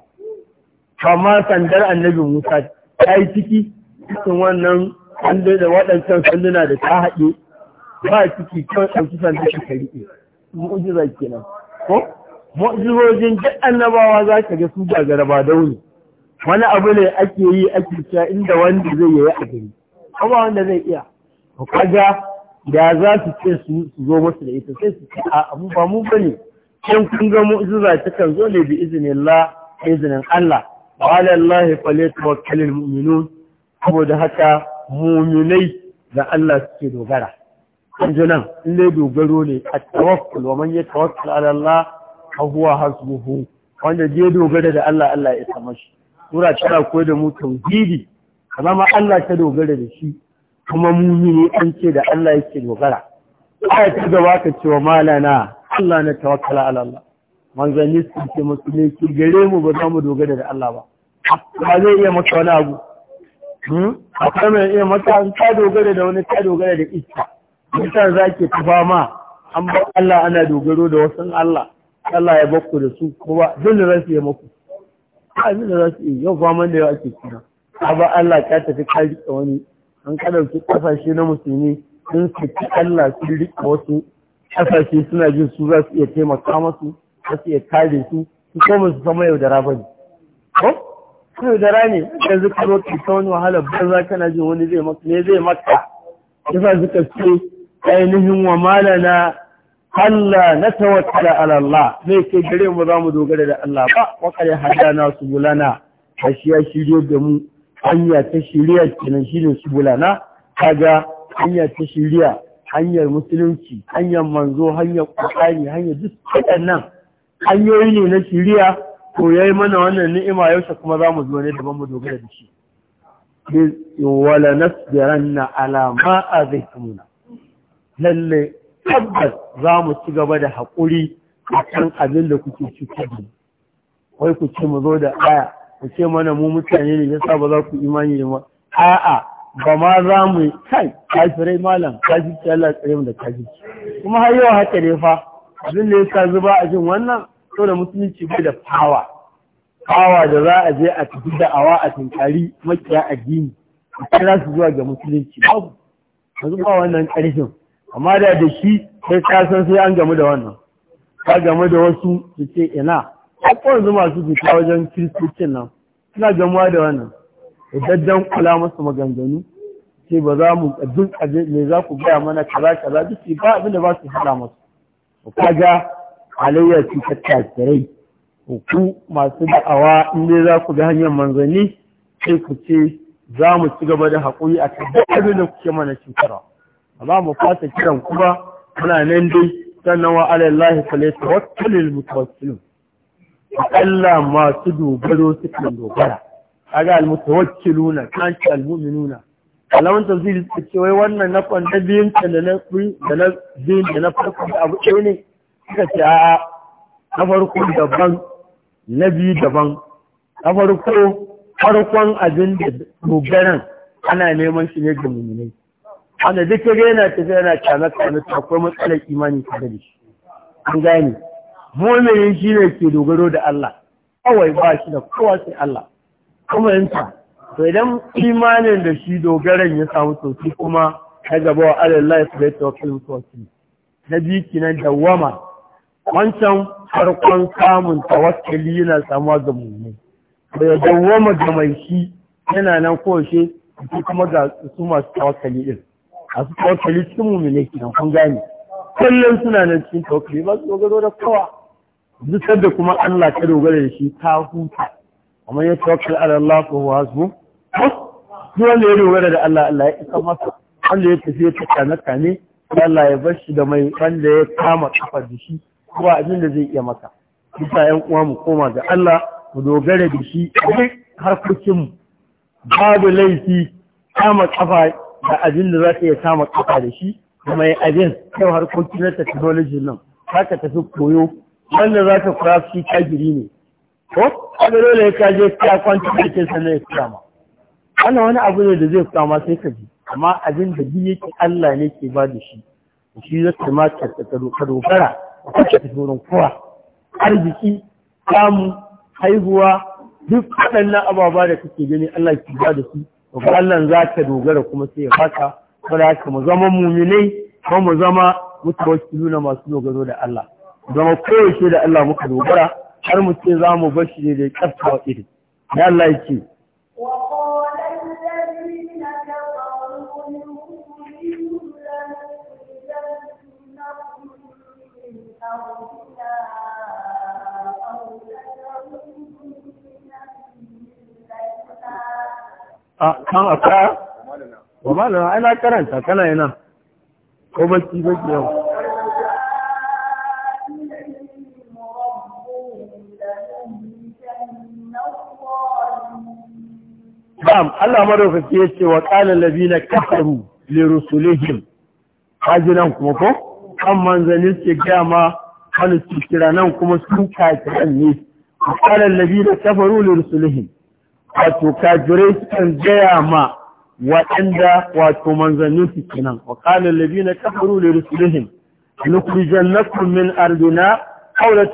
Kamar sandar annabi Musa ta yi ciki cikin wannan hannun da waɗancan sanduna da ta haɗe ba ciki kyan ɗauki sanduna ta riƙe mu'ujiza kenan ko mu'ujizojin duk annabawa za ka ga su ba garaba dauni wani abu ne ake yi ake cewa inda wanda zai yi a gari kuma wanda zai iya to kaga da za su ce su zo musu da ita sai su ce a abu. ba mu bane kin kun ga mu'ujiza ta kan zo ne bi Allah izinin Allah wa ala Allah falyatawakkalul mu'minun saboda haka muminai da Allah suke dogara yanzu nan in dai dogaro ne a tawakul, wa man ya tawakkul ala Allah ka huwa hasbuhu wanda je dogara da Allah Allah ya sama shi Tura tana koyar da mu tauhidi zama Allah ta dogara da shi kuma mumini an ce da Allah yake dogara aya ta gaba ka cewa malana Allah na tawakkala ala Allah manzanni sun ce masu ne ki gare mu ba za mu dogara da Allah ba ba zai iya maka wani abu Hmm? akwai mai iya mata, an ka dogara da wani ka dogara da iska mutan za ke tafa ma an ba Allah ana dogaro da wasan Allah Allah ya bakku da su kuma zan da za su yi maku da za su yi yau faman da yau ake kira a ba Allah ka tafi ka riƙe wani an ka ɗauki ƙasashe na musulmi sun saki Allah su riƙa wasu ƙasashe suna jin su za su iya taimaka masu za su iya kare su su koma su sama yau da rabani. kai da rani yanzu ka zo ta wani wahala banza kana jin wani zai maka ne zai maka yasa suka ce ainihin wa malana Allah na tawakkala ala Allah zai ke gare mu za mu dogara da Allah ba wa kare hadana su bulana ya shiryo da mu hanya ta shiriya kenan shine su bulana kaga hanya ta shiriya hanyar musulunci hanyar manzo hanyar ƙwaƙani hanyar duk waɗannan hanyoyi ne na shiriya ya yi mana wannan ni'ima yaushe kuma za mu zo ne daban mu dogara da shi wala alama zai ma azaytumuna lalle tabbas za mu ci gaba da haƙuri a kan abin da kuke cikin da wai ku ce mu zo da aya ku ce mana mu mutane ne yasa ba za ku imani da ma a'a ba ma za mu kai kafirai malam kafirci Allah tsare mu da kafirci kuma har yau haka ne fa abin da yasa zuba a jin wannan so da musulunci bai da fawa fawa da za a je a tafi awa a tunkari makiya addini a kira su zuwa ga musulunci babu yanzu ba wannan ƙarfin amma da da shi sai ka san sai an gamu da wannan ka gamu da wasu su ce ina akwai yanzu masu fita wajen kiristocin nan suna gamuwa da wannan idan kula masu maganganu ce ba za mu duk me za ku gaya mana kaza kaza duk ba abin da ba su faɗa masu ka ga halayyar su ta kafirai ku masu da'awa inda za ku ga hanyar manzanni sai ku ce za mu ci gaba da haƙuri a tabbatar duk abin da kuke mana cutarwa ba za mu fata kiran ku ba muna nan dai sannan wa alallahi falaita wakilin mutawakilin aƙalla masu dogaro suke dogara kaga na kanci ci almu'minuna alamun tafsiri suka ce wai wannan na kwanta biyun da na biyun da na farko da abu ɗaya ne suka ce a na farko daban na biyu daban na farko farkon abin da dogaran ana neman shi ne ga mummunai wanda duk kaga yana tafiya yana kyame kyame ta akwai matsalar imani ta da shi an gane yin shi ne ke dogaro da Allah kawai ba shi da kowa sai Allah kuma yanta to idan imanin da shi dogaran ya samu sosai kuma ta gaba wa Allah ya fi da tawakkal mutuwa na biyu kinan dawwama wancan farkon samun tawakkali yana samuwa ga mummu da ya dawoma ga mai shi yana nan kowace su kuma ga su masu tawakkali din a su tawakkali cikin ne ke nan kun gani kullum suna nan cikin tawakkali ba su dogaro da kowa zutar da kuma Allah ta dogara da shi ta huta amma ya tawakkal ala Allah ko wasu duk wanda ya dogara da Allah Allah ya isa masa wanda ya tafi ya tsaka na kane Allah ya bar shi da mai wanda ya kama kafar da shi ba abin da zai iya maka bisa yan uwa mu koma ga Allah mu dogara da shi duk harkokin mu babu laifi kama kafa da abin da za ka iya kama kafa da shi kuma ya abin kai harkokin na technology nan za ka tafi koyo wanda za ka kura shi kagiri ne ko kaga dole ya je ka kwanta cikin sanar islama wannan wani abu ne da zai kama sai ka ji amma abin da biyu yake Allah ne ke ba da shi shi zai kamata ka dogara kwace ta wurin kowa arziki samu haihuwa duk waɗannan ababa da kake gani Allah ki ba da su to Allah za ta dogara kuma sai ya fata kada ka mu zama muminai ko mu zama na masu dogaro da Allah zama koyaushe da Allah muka dogara har mu ce za mu bashi da ya wa iri ya Allah ya ce a kan a ana karanta kana yana ko baki baki yau Bam, Allah ya ce wa ƙalar na kafaru haji nan kuma ko? Kan manzanni ce gama halittu cikira nan kuma sun kakiran ne, wa labi na kafaru Rusulihim. wato kajirai sukan gaya ma waɗanda wato manzannin su kenan wa labi na kafaru da rusulihim na min ardina aw la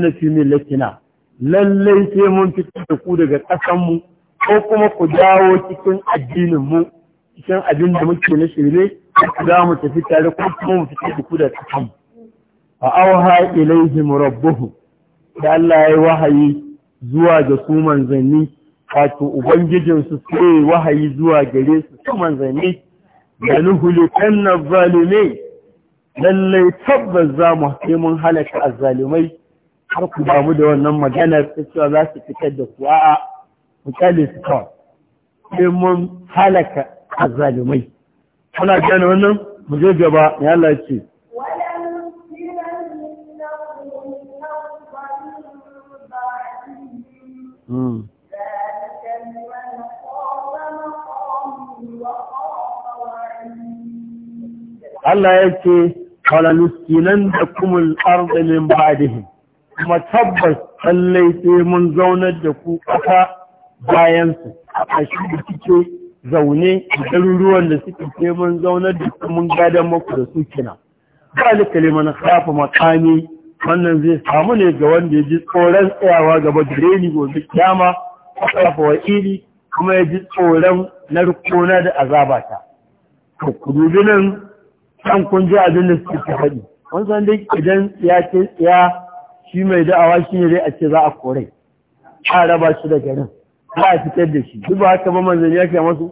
na fi millatina lallai sai mun fito da ku daga ƙasanmu mu ko kuma ku dawo cikin addinin mu cikin abin da muke na shirye. ku za mu tafi tare ko kuma mu fita da ku da ƙasanmu. mu fa auha ilaihim rabbuhum da Allah ya wahayi zuwa ga su manzanni wato ubangijinsu sai wahayi zuwa gare su su manzanni da nuhulikan na zalimai lallai tabbas za mu sai mun halaka a zalimai har ku damu da wannan maganar ta cewa za su fitar da ku a'a mu kyale su kawai sai mun halaka a zalimai kuna gane wannan mu je gaba ya lalace Mm. Allah ya ce wala nuskinan da kumul ardi min dihin, kuma tabbas tsallai sai mun zaunar da ku ƙasa bayan su a ƙashi da suke zaune da garuruwan da suke sai mun zaunar da ku mun gadon maku da su Ba da liman kafa makami wannan zai samu ne ga wanda ya ji tsoron tsayawa gaba da ni gobe kyama kafa wa iri kuma ya ji tsoron narkona da azabata to ku dubi nan kan kun ji abin da suke faɗi wani san dai idan ya ce ya shi mai da'awa shi ne dai a ce za a kore a raba shi da garin za a fitar da shi duk ba haka ba manzanni ke masu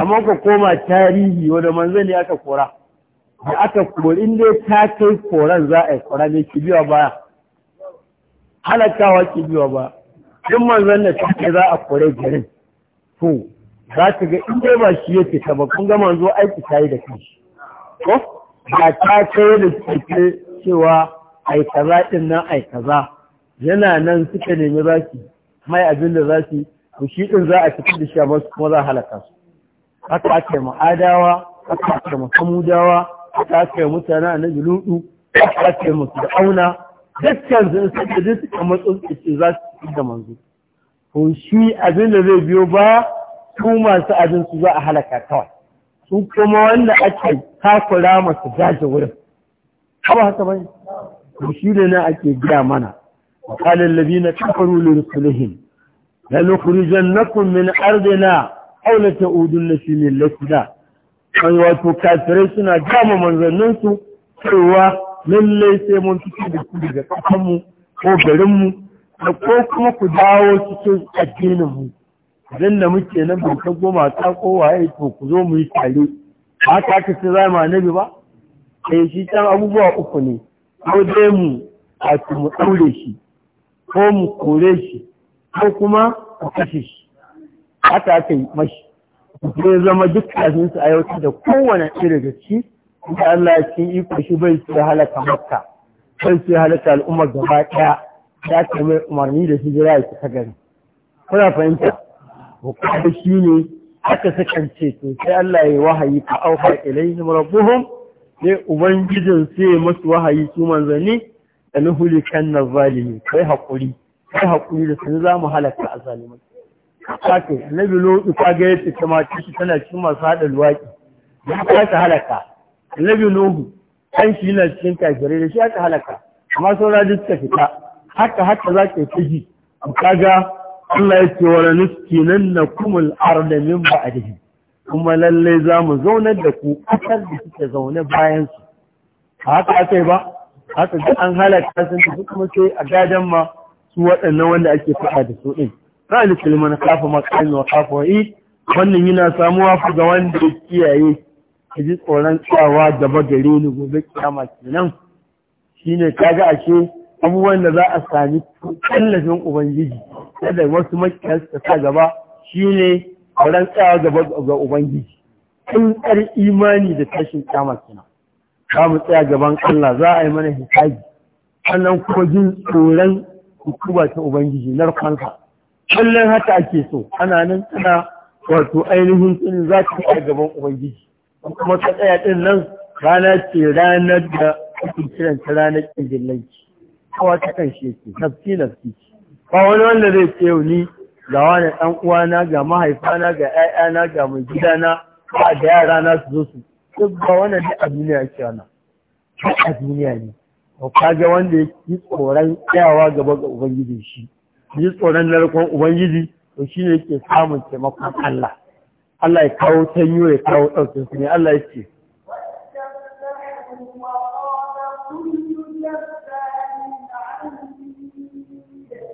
amma ka koma tarihi wanda manzanni aka kora da aka kori inda ya ta kai koran za a yi kora ne ki biya baya halakawa ki biya baya duk manzan da ta za a kore garin to za ka ga in ba shi yake fita ba kun ga manzo aiki ta yi da kanshi ko ba ta kai da suke cewa aikaza za ɗin nan aika za yana nan suka nemi zaki mai abin da zaki to shi ɗin za a cikin da shi amma kuma za a halaka su aka yi ma'adawa haka aka yi musamudawa aka yi mutane na jiludu haka aka yi musu da auna dukkan sun sake duk suka matso ce za su fi da manzo to shi abin da zai biyo ba su masu abin su za a halaka kawai su kuma wanda ake takura masu gaji wurin abu haka bai to shi ne na ake gaya mana وقال na كفروا لرسلهم لنخرجنكم aulata udun na shi ne lafiya? kan wato kafirai suna gama manzanninsu cewa lallai sai mun fito da ku daga mu ko garinmu da ko kuma ku dawo cikin addininmu idan da muke na bautar goma ta kowa ya to ku zo mu yi tare ba ta ka ce za ma nabi ba sai eh, shi can abubuwa uku ne ko dai mu a mu ɗaure shi ko mu kore shi ko kuma ku kashe shi ta ka yi mashi zai zama duk kafin su aiwatar da kowane irin da ci da Allah ya ci iko shi bai su halaka makka bai su halaka al'ummar gaba ɗaya ya kamar umarni da hijira ya ta gari kuna fahimta bukata shi ne aka sakan ce to sai Allah ya yi wahayi ka auha ilaihim rabbuhum ne ubangijin sai masu wahayi su manzanni da nuhuli kan na zalimi kai haƙuri kai haƙuri da sun za mu halaka a zalimai kake annabi lutsu ka ga ta shi tana cikin masu haɗa luwaƙi. ya kasa halaka annabi nuhu kan shi yana cikin kafirai da shi aka halaka amma saura duk ta fita haka haka za ka yi ta ji ga. Allah ya ce wa nuskinan na kumul arda a ba'dihim kuma lalle za mu zauna da ku kasar da suke zaune bayan su haka sai ba haka ga an halaka sun tafi kuma sai a gadan ma su waɗannan wanda ake faɗa da su ɗin ra'ayi kalman kafa makami wa kafa wa'i wannan yana samuwa fa ga wanda ya kiyaye ka ji tsoron tsawa gaba gare ni gobe kiyama kenan shine kaga ashe abubuwan da za a sami tallafin ubangiji kada wasu makiyar su sa gaba shine ran tsaya gaba ga ubangiji in tsar imani da tashin kiyama kina za mu tsaya gaban Allah za a yi mana hisabi sannan kuma jin tsoron hukuma ta ubangiji na narkansa kullum haka ake so ana nan tana wato ainihin tsinin za ta tsaya gaban ubangiji kuma ta tsaya ɗin nan rana ce ranar da ake kiranta ranar ƙin jillanci. kawa ta kan shi yake nafsi nafsi ba wani wanda zai ce ni ga wani ɗan uwana ga mahaifana ga 'ya'yana, ga mai gidana ba da yara na su zo su duk ba wannan ne a duniya ke wannan ba a duniya ne to kaga wanda ya yi tsoron tsayawa gaba ga ubangiji shi yi tsoron narkon ubangiji to shi ne ke samun taimakon Allah Allah ya kawo tanyo ya kawo ɗaukinsu ne Allah ya ce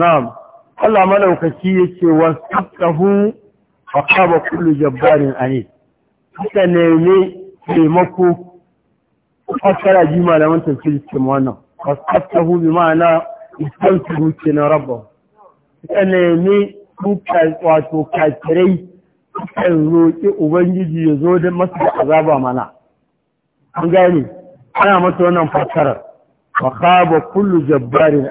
na'am Allah malaukaki yake wasaqahu fa qaba kullu jabbarin ani haka ne ne taimako fassara ji malaman tafsir cikin wannan wasaqahu bi ma'ana istansu kenan rabbahu haka ne ne kuka wato kafirai kan roƙi ubangiji ya zo da masu da azaba mana an gane ana mata wannan fassarar wa khaba kullu jabbarin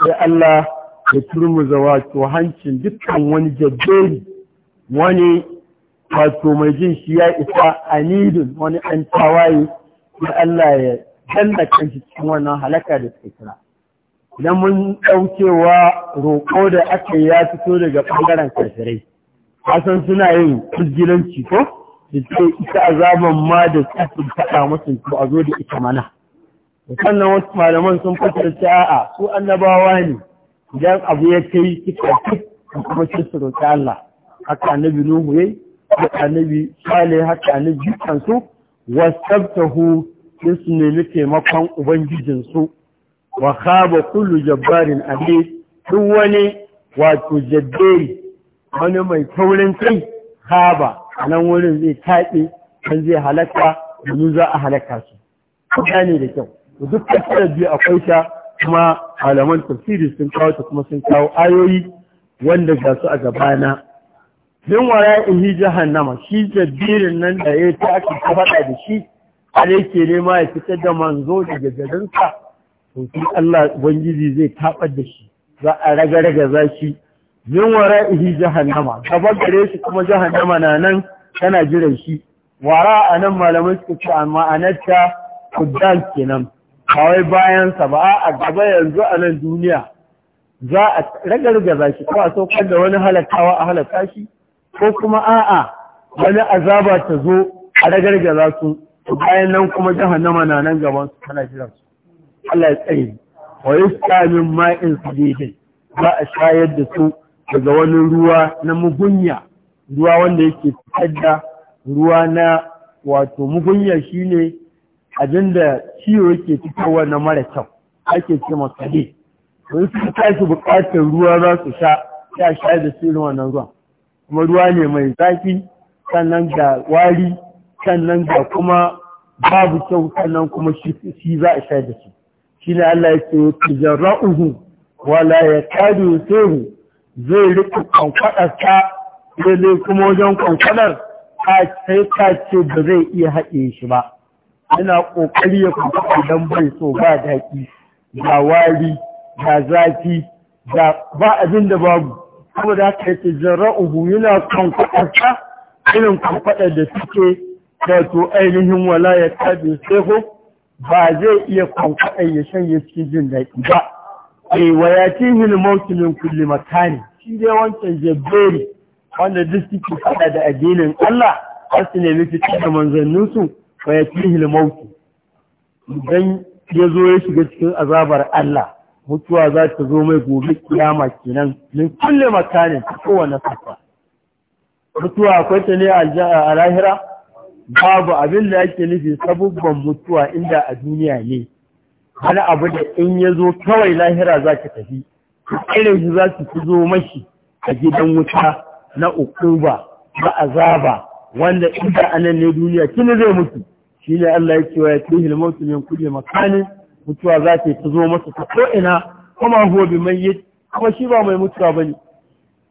sai Allah ya turmuza wato hancin dukkan wani jabberi wani wato mai jin shi ya isa anidin wani an tawaye sai Allah ya danna kanshi cikin wannan halaka da suka kira idan mun ɗaukewa roƙo da aka ya fito daga ɓangaren kafirai asan suna yin kuzgilanci ko da ita azaban ma da tsakin faɗa musu ko a zo da ita mana sannan wasu malaman sun fasar a'a su annabawa ne idan abu ya kai kika kuma su roƙi Allah haka annabi Nuhu yayi haka annabi shale haka annabi dukkan su wasabtahu sai su nemi taimakon ubangijinsu wa khaba kullu jabbarin ali duk wani wato jaddai wani mai taurin kai khaba nan wurin zai taɓe kan zai halaka domin za a halaka su ne da kyau to duk tafsirar biyu akwai ta kuma malaman tafsiri sun kawo ta kuma sun kawo ayoyi wanda ga su a gabana min wara'ihi jahannama shi jabirin nan da ya ta ake kafaɗa da shi da yake nema ya fitar da manzo daga garinsa to shi Allah ubangiji zai tabar da shi za a raga raga za shi min jihar jahannama gaba gare shi kuma jihar nama na nan tana jiran shi wara a nan malamai suka ce amma a nan ta kudan kenan kawai bayansa ba a gaba yanzu a nan duniya za a za shi ko a saukar da wani halakawa a halaka shi ko kuma a'a wani azaba ta zo a za su bayan nan kuma jahannama na nan gaban su tana jiran su Allah ya tsaye wa yi min ma'in daidai? za a shayar da su daga wani ruwa na mugunya ruwa wanda yake fitar ruwa na wato mugunya shine Abin da ciwo yake fitowa na mara kyau ake ce masa dai don su tashi bukatar ruwa za su sha ya sha da su irin wannan ruwan kuma ruwa ne mai zafi sannan ga wari sannan ga kuma babu kyau sannan kuma shi za a sha da shi shi ne Allah ya ce tijarra'uhu wala ya kadu yusiru zai rika kwankwadar ta sai kuma wajen kwankwadar ta ta ce ba zai iya haɗe shi ba yana ƙoƙari ya kuma idan bai so ba daƙi ga wari ga zafi ga ba abin da babu saboda haka yake jara'uhu yana kwankwaɗarsa irin kwankwaɗar da suke wato ainihin wala ya tabi seho ba zai iya kwankwaɗar ya shanye cikin jin daɗi ba E, wa ya tihin mautumin kulli makani shi dai wancan jabberi wanda duk suke faɗa da addinin Allah har ne nemi fitar da manzanninsu fa yatihil idan ya zo ya shiga cikin azabar Allah mutuwa za ta zo mai gobe kiyama kenan min kulle makanin kowane safa mutuwa akwai ta ne a lahira babu abin da yake nufi sabubban mutuwa inda a duniya ne wani abu da in ya zo kawai lahira za ka tafi irin shi za su zo mashi a gidan wuta na ukuba ba azaba wanda inda anan ne duniya kini zai mutu shi ne Allah ya cewa ya tihi al-mautu min kulli makanin mutuwa za ta zo masa ta ko ina kuma huwa bi mayyit kuma shi ba mai mutuwa bane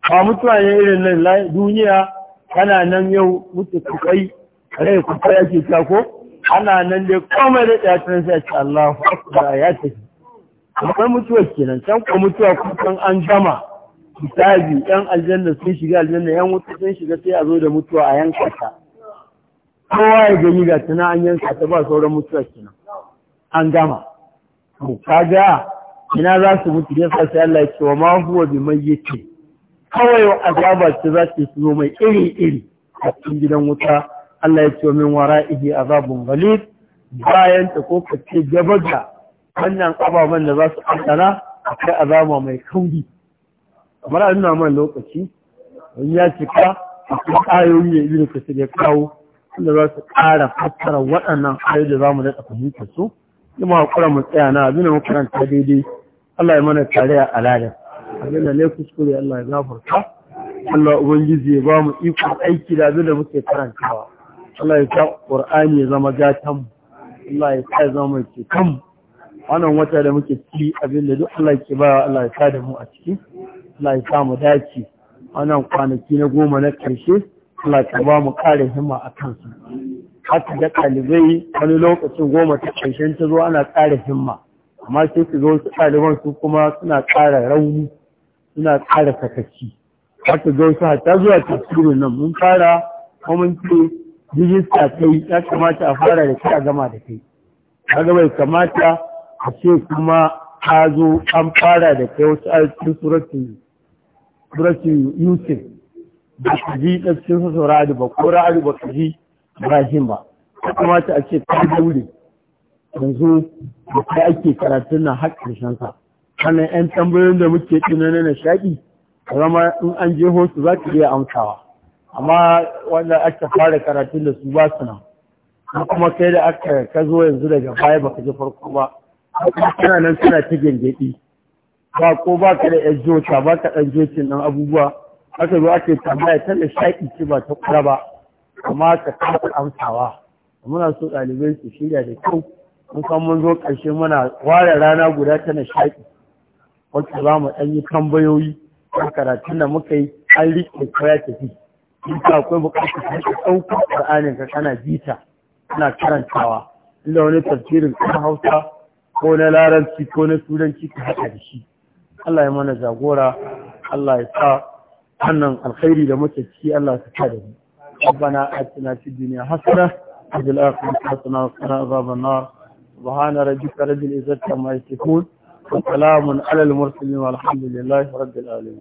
ba mutuwa ne irin nan duniya kana nan yau mutu kai rai ku ake ta ko ana nan dai komai da ya tsan sai Allahu akbar ya tafi akwai mutuwa kenan can ko mutuwa kun an gama hisabi yan aljanna sun shiga aljanna yan wuta sun shiga sai a zo da mutuwa a yanka ta kowa ya gani ga tana an yanka ta ba sauran mutuwa kenan an gama to kaga ina za su mutu ne sai Allah ya ce wa ma huwa bi yake kawai azaba ce za ta zo mai iri iri a cikin gidan wuta Allah ya ce wa min wara wara'ihi azabun ghalib bayan ta ko ka ce gabaga wannan ababen da za su kasana akwai azaba mai kauri kamar an nuna man lokaci wani ya cika a kuma ayoyi ya da kasir ya kawo wanda za su ƙara fassara waɗannan ayoyi da za mu daɗa fahimta su ma hakura mu tsaya na abin da mu daidai Allah ya mana tare a alalin abin da ne kuskure Allah ya gafarta Allah ubangiji ya ba mu ikon aiki da abin da muke karantawa Allah ya ta Qur'ani ya zama gatan mu Allah ya sa zama ke kan wannan wata da muke ci abin da duk Allah ke ba Allah ya sa da mu a ciki Allah ya samu dace wannan kwanaki na goma na ƙarshe Allah ya ba mu ƙara himma a kansu haka da ɗalibai wani lokacin goma ta ƙarshen ta zo ana ƙara himma amma sai su zo su ɗaliban su kuma suna ƙara rauni suna ƙara sakaci haka zo su hata zuwa tasirin nan mun fara kuma mun ce rijista ta yi ya kamata a fara da kai a gama da kai kaga bai kamata a ce kuma ka zo an fara da kai wasu ayyukan suratun suratu yusuf ba ka ji ɗarfin sassa ra'adu ba ko ra'adu ba ka ji ibrahim ba ya kamata a ce ta daure yanzu da kai ake karatun na har ƙarshen sa yan tambayoyin da muke tunanin na shaƙi zama in an je hosu za ka iya amsawa amma wanda aka fara karatun da su ba su nan kuma kai da aka ka zo yanzu daga baya baka ji farko ba kana nan suna ta gyangyaɗi ba ko ba ka da jota ba ka ɗan jocin nan abubuwa aka zo ake tambaya ta da shaƙi ce ba ta kura ba amma ka kafa amsawa muna so ɗalibai su shirya da kyau mun san mun zo ƙarshe muna ware rana guda ta na shaƙi wacce za mu ɗan yi tambayoyi a karatun da muka yi an riƙe ko ta tafi in ka akwai buƙatar ka ɗaukar ƙur'anin ka kana bita kana karantawa inda wani tafsirin kan hausa ko na larabci ko na turanci ka haɗa da shi Allah ya mana jagora Allah ya sa hannun alkhairi da mutacci Allah ya sa da Rabbana atina fid dunya hasana wa fil akhirati hasana wa qina adhaban nar subhana rabbika rabbil izzati amma yasifun wa salamun alal mursalin walhamdulillahi rabbil alamin